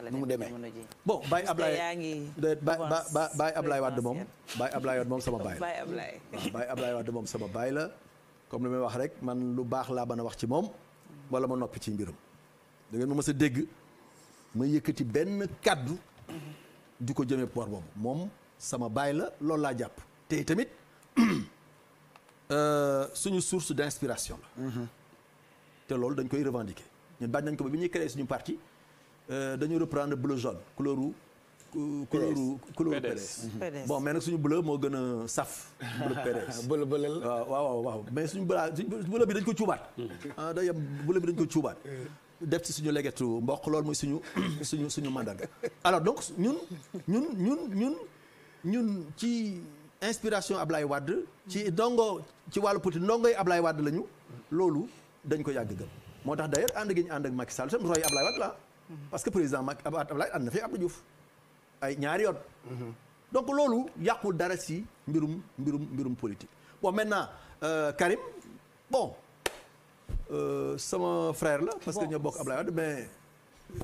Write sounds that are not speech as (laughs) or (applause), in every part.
nu mu demee bon Baye Ablaye Baye Ablaye Wade moom Baye Ablaye Wade moom sama baay la (laughs) Baye Ablaye Wade moom sama baay la comme li may wax rek man lu baax laa a wax ci moom wala ma noppi ci mbiram da ngeen ma a dégg ma benn kàddu ko jëmee poor boobu moom sama baay la loolu laa jàpp te tamit (clears throat) euh, suñu source d'inspiration la mm-hmm. te loolu dañ koy revendiquer ñun bañ nañ ko ba bi ñuy créer suñu parti Euh, dañu reprendre bleu jaune couleur couleur couleur PDS mhm. bon mais nag suñu bleu moo gën a saf bleu PDS (laughs) ah, bleu bleu la waaw waaw waaw mais suñu bleu bi dañ ko cuubaat mhm. ah day yem bleu bi dañ ko cuubaat def ci suñu legetu mboq loolu mooy suñu (coughs) suñu suñu mandarga alors donc ñun ñun ñun ñun ñun ci inspiration Ablaye Wade ci ndongo ci wàllu politique ndongoy Ablaye Wade lañu loolu dañ ko yàgg gëm moo tax d'ailleurs ànd gi ñu ànd ak Macky Sall tam roy Ablaye Wade la parce que président Macky Abdoulaye am na fi Abdou Diouf ay ñaari yoon. donc loolu yàqul dara si mbirum mbirum mbirum politique bon maintenant euh, Karim bon euh, sama frair la. parce bon, que ñoo bokk Abdoulaye Wade mais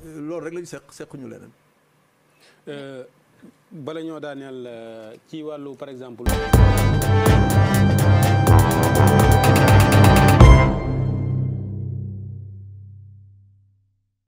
euh, loolu rek la ñu seq sequñu leneen. Euh, bala ñoo daaneel ci wàllu par exemple.